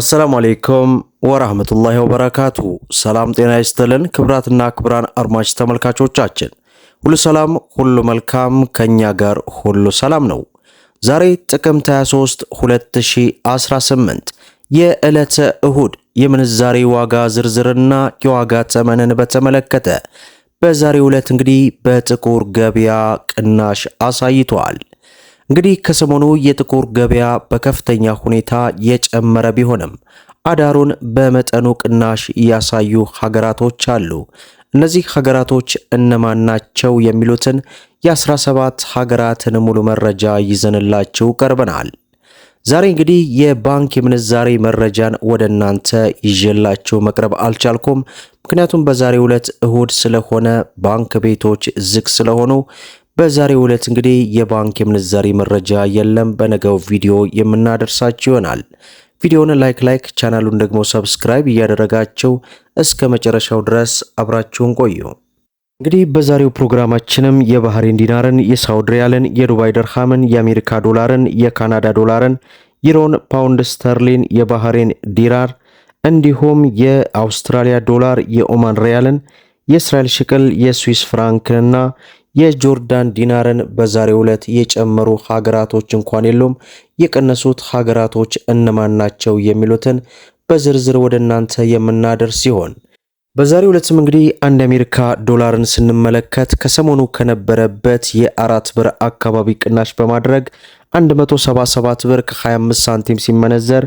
አሰላሙ አሌይኩም ወራህመቱላሂ ወበረካቱ። ሰላም ጤና ይስጥልን። ክብራትና ክብራን አድማጭ ተመልካቾቻችን ሁሉ ሰላም፣ ሁሉ መልካም፣ ከኛ ጋር ሁሉ ሰላም ነው። ዛሬ ጥቅምት 23 2018 የዕለተ እሁድ የምንዛሬ ዋጋ ዝርዝርና የዋጋ ተመንን በተመለከተ በዛሬው ዕለት እንግዲህ በጥቁር ገበያ ቅናሽ አሳይቷል። እንግዲህ ከሰሞኑ የጥቁር ገበያ በከፍተኛ ሁኔታ የጨመረ ቢሆንም አዳሩን በመጠኑ ቅናሽ ያሳዩ ሀገራቶች አሉ። እነዚህ ሀገራቶች እነማን ናቸው የሚሉትን የ17 ሀገራትን ሙሉ መረጃ ይዘንላችሁ ቀርበናል። ዛሬ እንግዲህ የባንክ የምንዛሬ መረጃን ወደ እናንተ ይዤላችሁ መቅረብ አልቻልኩም። ምክንያቱም በዛሬው ዕለት እሁድ ስለሆነ ባንክ ቤቶች ዝግ ስለሆኑ በዛሬው ዕለት እንግዲህ የባንክ የምንዛሪ መረጃ የለም፣ በነገው ቪዲዮ የምናደርሳችሁ ይሆናል። ቪዲዮውን ላይክ ላይክ ቻናሉን ደግሞ ሰብስክራይብ እያደረጋችሁ እስከ መጨረሻው ድረስ አብራችሁን ቆዩ። እንግዲህ በዛሬው ፕሮግራማችንም የባህሬን ዲናርን፣ የሳውዲ ሪያልን፣ የዱባይ ደርሃምን፣ የአሜሪካ ዶላርን፣ የካናዳ ዶላርን፣ ዩሮን፣ ፓውንድ ስተርሊን፣ የባህሬን ዲራር እንዲሁም የአውስትራሊያ ዶላር፣ የኦማን ሪያልን፣ የእስራኤል ሽቅል፣ የስዊስ ፍራንክንና የጆርዳን ዲናርን በዛሬው ዕለት የጨመሩ ሀገራቶች እንኳን የሉም። የቀነሱት ሀገራቶች እነማን ናቸው የሚሉትን በዝርዝር ወደ እናንተ የምናደርስ ሲሆን በዛሬው ዕለትም እንግዲህ አንድ አሜሪካ ዶላርን ስንመለከት ከሰሞኑ ከነበረበት የአራት ብር አካባቢ ቅናሽ በማድረግ 177 ብር ከ25 ሳንቲም ሲመነዘር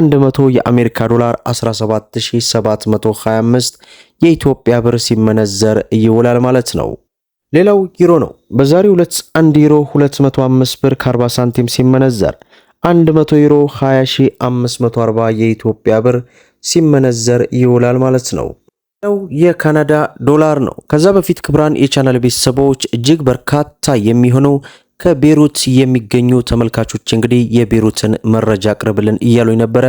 100 የአሜሪካ ዶላር 17725 የኢትዮጵያ ብር ሲመነዘር ይውላል ማለት ነው። ሌላው ዩሮ ነው። በዛሬው ዕለት 1 ዩሮ 205 ብር ከ40 ሳንቲም ሲመነዘር 100 ዩሮ 20540 የኢትዮጵያ ብር ሲመነዘር ይውላል ማለት ነው። ሌላው የካናዳ ዶላር ነው። ከዛ በፊት ክብራን የቻናል ቤተሰቦች እጅግ በርካታ የሚሆኑ ከቤሩት የሚገኙ ተመልካቾች እንግዲህ የቤሩትን መረጃ አቅርብልን እያሉኝ ነበረ።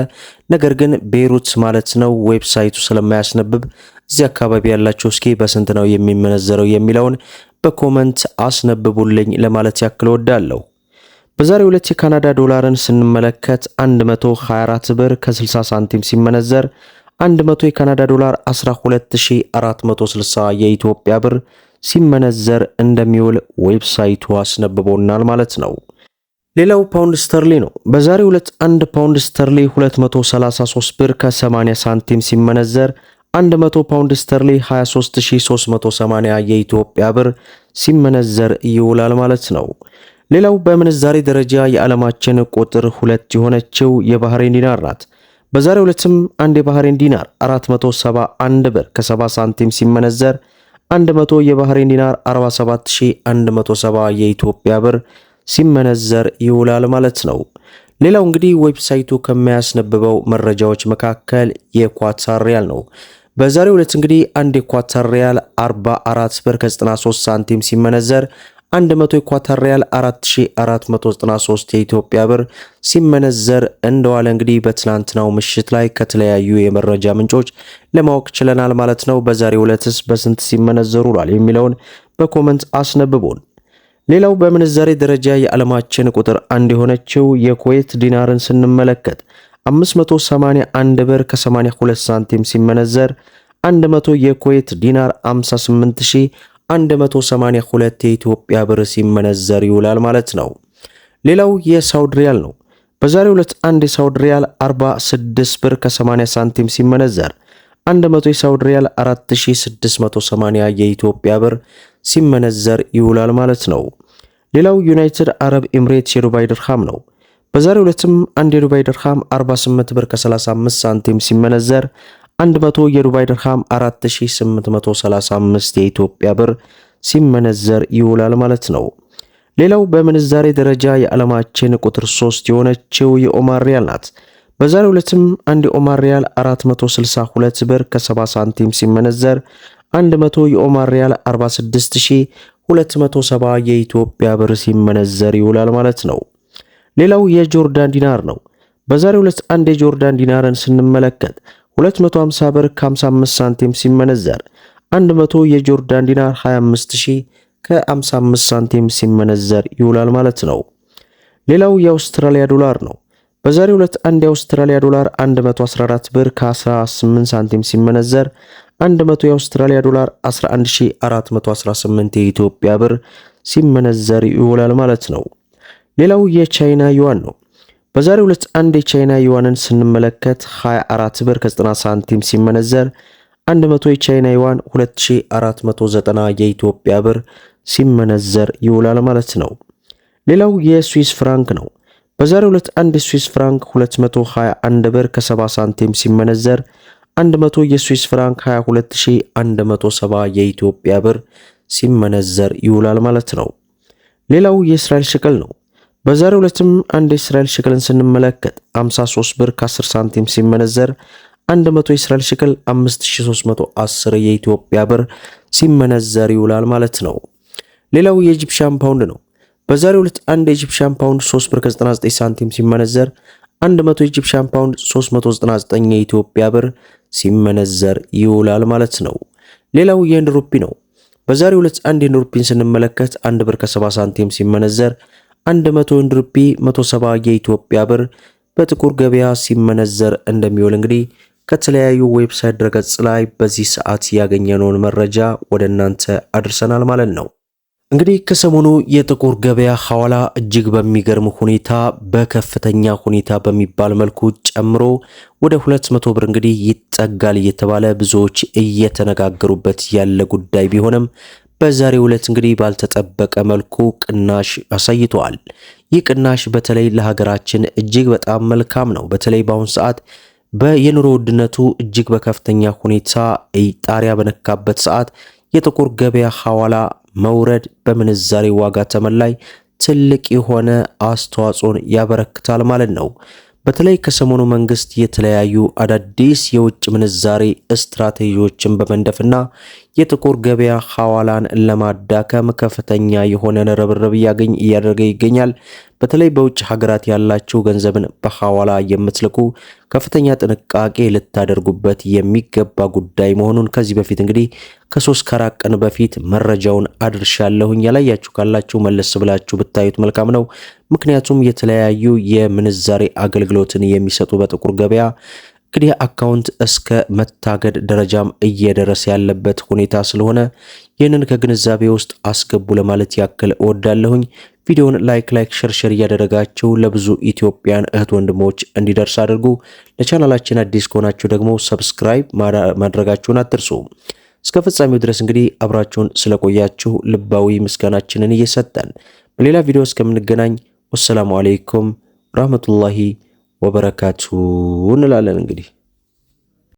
ነገር ግን ቤሩት ማለት ነው ዌብሳይቱ ስለማያስነብብ እዚህ አካባቢ ያላቸው እስኪ በስንት ነው የሚመነዘረው የሚለውን በኮመንት አስነብቡልኝ ለማለት ያክል ወዳለሁ። በዛሬ ሁለት የካናዳ ዶላርን ስንመለከት 124 ብር ከ60 ሳንቲም ሲመነዘር 100 የካናዳ ዶላር 12460 የኢትዮጵያ ብር ሲመነዘር እንደሚውል ዌብሳይቱ አስነብቦናል ማለት ነው። ሌላው ፓውንድ ስተርሊ ነው። በዛሬ ሁለት 1 ፓውንድ ስተርሊ 233 ብር ከ80 ሳንቲም ሲመነዘር 100 ፓውንድ ስተርሊ 23380 የኢትዮጵያ ብር ሲመነዘር ይውላል ማለት ነው። ሌላው በምንዛሬ ደረጃ የዓለማችን ቁጥር ሁለት የሆነችው የባህሬን ዲናር ናት። በዛሬው ዕለትም አንድ የባህሬን ዲናር 471 ብር ከ70 ሳንቲም ሲመነዘር 100 የባህሬን ዲናር 47170 የኢትዮጵያ ብር ሲመነዘር ይውላል ማለት ነው። ሌላው እንግዲህ ዌብሳይቱ ከሚያስነብበው መረጃዎች መካከል የኳታር ሪያል ነው። በዛሬው ዕለት እንግዲህ አንድ የኳታር ሪያል 44 ብር ከ93 ሳንቲም ሲመነዘር 100 የኳታር ሪያል 4493 የኢትዮጵያ ብር ሲመነዘር እንደዋለ እንግዲህ በትናንትናው ምሽት ላይ ከተለያዩ የመረጃ ምንጮች ለማወቅ ችለናል ማለት ነው። በዛሬው ዕለትስ በስንት ሲመነዘሩ ውሏል የሚለውን በኮመንት አስነብቡን። ሌላው በምንዛሬ ደረጃ የዓለማችን ቁጥር አንድ የሆነችው የኩዌት ዲናርን ስንመለከት 581 ብር ከ82 ሳንቲም ሲመነዘር 100 የኩዌት ዲናር 58182 የኢትዮጵያ ብር ሲመነዘር ይውላል ማለት ነው። ሌላው የሳውዲ ሪያል ነው። በዛሬው ዕለት አንድ የሳውዲ ሪያል 46 ብር ከ80 ሳንቲም ሲመነዘር 100 የሳውዲ ሪያል 4680 የኢትዮጵያ ብር ሲመነዘር ይውላል ማለት ነው። ሌላው ዩናይትድ አረብ ኤምሬትስ የዱባይ ድርሃም ነው። በዛሬው ዕለትም አንድ የዱባይ ድርሃም 48 ብር ከ35 ሳንቲም ሲመነዘር 100 የዱባይ ድርሃም 4835 የኢትዮጵያ ብር ሲመነዘር ይውላል ማለት ነው። ሌላው በምንዛሬ ደረጃ የዓለማችን ቁጥር 3 የሆነችው የኦማር ሪያል ናት። በዛሬው ዕለትም አንድ የኦማር ሪያል 462 ብር ከ70 ሳንቲም ሲመነዘር 100 የኦማር ሪያል 46270 የኢትዮጵያ ብር ሲመነዘር ይውላል ማለት ነው። ሌላው የጆርዳን ዲናር ነው። በዛሬው ዕለት አንድ የጆርዳን ዲናርን ስንመለከት 250 ብር ከ55 ሳንቲም ሲመነዘር 100 የጆርዳን ዲናር 25000 ከ55 ሳንቲም ሲመነዘር ይውላል ማለት ነው። ሌላው የአውስትራሊያ ዶላር ነው። በዛሬው ዕለት አንድ የአውስትራሊያ ዶላር 114 ብር ከ18 ሳንቲም ሲመነዘር 100 የአውስትራሊያ ዶላር 11418 የኢትዮጵያ ብር ሲመነዘር ይውላል ማለት ነው። ሌላው የቻይና ዩዋን ነው። በዛሬው ዕለት አንድ የቻይና ዩዋንን ስንመለከት 24 ብር ከ90 ሳንቲም ሲመነዘር 100 የቻይና ዩዋን 2490 የኢትዮጵያ ብር ሲመነዘር ይውላል ማለት ነው። ሌላው የስዊስ ፍራንክ ነው። በዛሬው ዕለት አንድ የስዊስ ፍራንክ 221 ብር ከ70 ሳንቲም ሲመነዘር 100 የስዊስ ፍራንክ 22170 የኢትዮጵያ ብር ሲመነዘር ይውላል ማለት ነው። ሌላው የእስራኤል ሽቅል ነው። በዛሬው ዕለትም አንድ የእስራኤል ሽክልን ስንመለከት 53 ብር ከ10 ሳንቲም ሲመነዘር 100 የእስራኤል ሽክል 5310 የኢትዮጵያ ብር ሲመነዘር ይውላል ማለት ነው። ሌላው የኢጂፕሽያን ፓውንድ ነው። በዛሬው ዕለት አንድ የኢጂፕሽያን ፓውንድ 3 ብር ከ99 ሳንቲም ሲመነዘር 100 የኢጂፕሽያን ፓውንድ 399 የኢትዮጵያ ብር ሲመነዘር ይውላል ማለት ነው። ሌላው የህንድ ሩፒ ነው። በዛሬው ዕለት አንድ የህንድ ሩፒን ስንመለከት 1 ብር ከ70 ሳንቲም ሲመነዘር 100 ሩፒ 170 የኢትዮጵያ ብር በጥቁር ገበያ ሲመነዘር እንደሚውል እንግዲህ ከተለያዩ ዌብሳይት ድረገጽ ላይ በዚህ ሰዓት ያገኘነውን መረጃ ወደ እናንተ አድርሰናል ማለት ነው። እንግዲህ ከሰሞኑ የጥቁር ገበያ ሐዋላ እጅግ በሚገርም ሁኔታ በከፍተኛ ሁኔታ በሚባል መልኩ ጨምሮ ወደ 200 ብር እንግዲህ ይጠጋል እየተባለ ብዙዎች እየተነጋገሩበት ያለ ጉዳይ ቢሆንም በዛሬው ዕለት እንግዲህ ባልተጠበቀ መልኩ ቅናሽ አሳይተዋል። ይህ ቅናሽ በተለይ ለሀገራችን እጅግ በጣም መልካም ነው። በተለይ በአሁኑ ሰዓት በየኑሮ ውድነቱ እጅግ በከፍተኛ ሁኔታ ጣሪያ በነካበት ሰዓት የጥቁር ገበያ ሐዋላ መውረድ በምንዛሬ ዋጋ ተመን ላይ ትልቅ የሆነ አስተዋጽኦን ያበረክታል ማለት ነው። በተለይ ከሰሞኑ መንግስት የተለያዩ አዳዲስ የውጭ ምንዛሬ ስትራቴጂዎችን በመንደፍና የጥቁር ገበያ ሐዋላን ለማዳከም ከፍተኛ የሆነ ርብርብ እያገኝ እያደረገ ይገኛል። በተለይ በውጭ ሀገራት ያላችሁ ገንዘብን በሐዋላ የምትልኩ ከፍተኛ ጥንቃቄ ልታደርጉበት የሚገባ ጉዳይ መሆኑን ከዚህ በፊት እንግዲህ ከሶስት ከአራት ቀን በፊት መረጃውን አድርሻለሁኝ። ያላያችሁ ካላችሁ መለስ ብላችሁ ብታዩት መልካም ነው። ምክንያቱም የተለያዩ የምንዛሬ አገልግሎትን የሚሰጡ በጥቁር ገበያ እንግዲህ አካውንት እስከ መታገድ ደረጃም እየደረሰ ያለበት ሁኔታ ስለሆነ ይህንን ከግንዛቤ ውስጥ አስገቡ ለማለት ያክል እወዳለሁኝ። ቪዲዮውን ላይክ ላይክ ሼር ሼር እያደረጋችሁ ለብዙ ኢትዮጵያን እህት ወንድሞች እንዲደርስ አድርጉ። ለቻናላችን አዲስ ከሆናችሁ ደግሞ ሰብስክራይብ ማድረጋችሁን አትርሱ። እስከ ፍጻሜው ድረስ እንግዲህ አብራችሁን ስለቆያችሁ ልባዊ ምስጋናችንን እየሰጠን በሌላ ቪዲዮ እስከምንገናኝ ወሰላሙ አሌይኩም ራህመቱላሂ ወበረካቱ እንላለን እንግዲህ